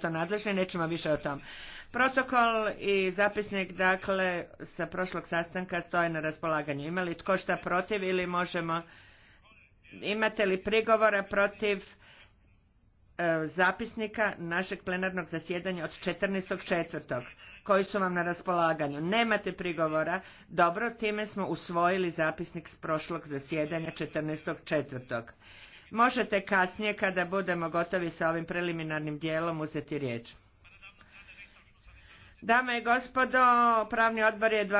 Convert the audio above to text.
to nadležne, nećemo više o tom. Protokol i zapisnik, dakle, sa prošlog sastanka stoje na raspolaganju. Ima li tko šta protiv ili možemo... Imate li prigovora protiv e, zapisnika našeg plenarnog zasjedanja od 14.4. koji su vam na raspolaganju? Nemate prigovora. Dobro, time smo usvojili zapisnik s prošlog zasjedanja 14.4. Možete kasnije, kada budemo gotovi sa ovim preliminarnim dijelom, uzeti riječ. Dame i gospodo, pravni odbor je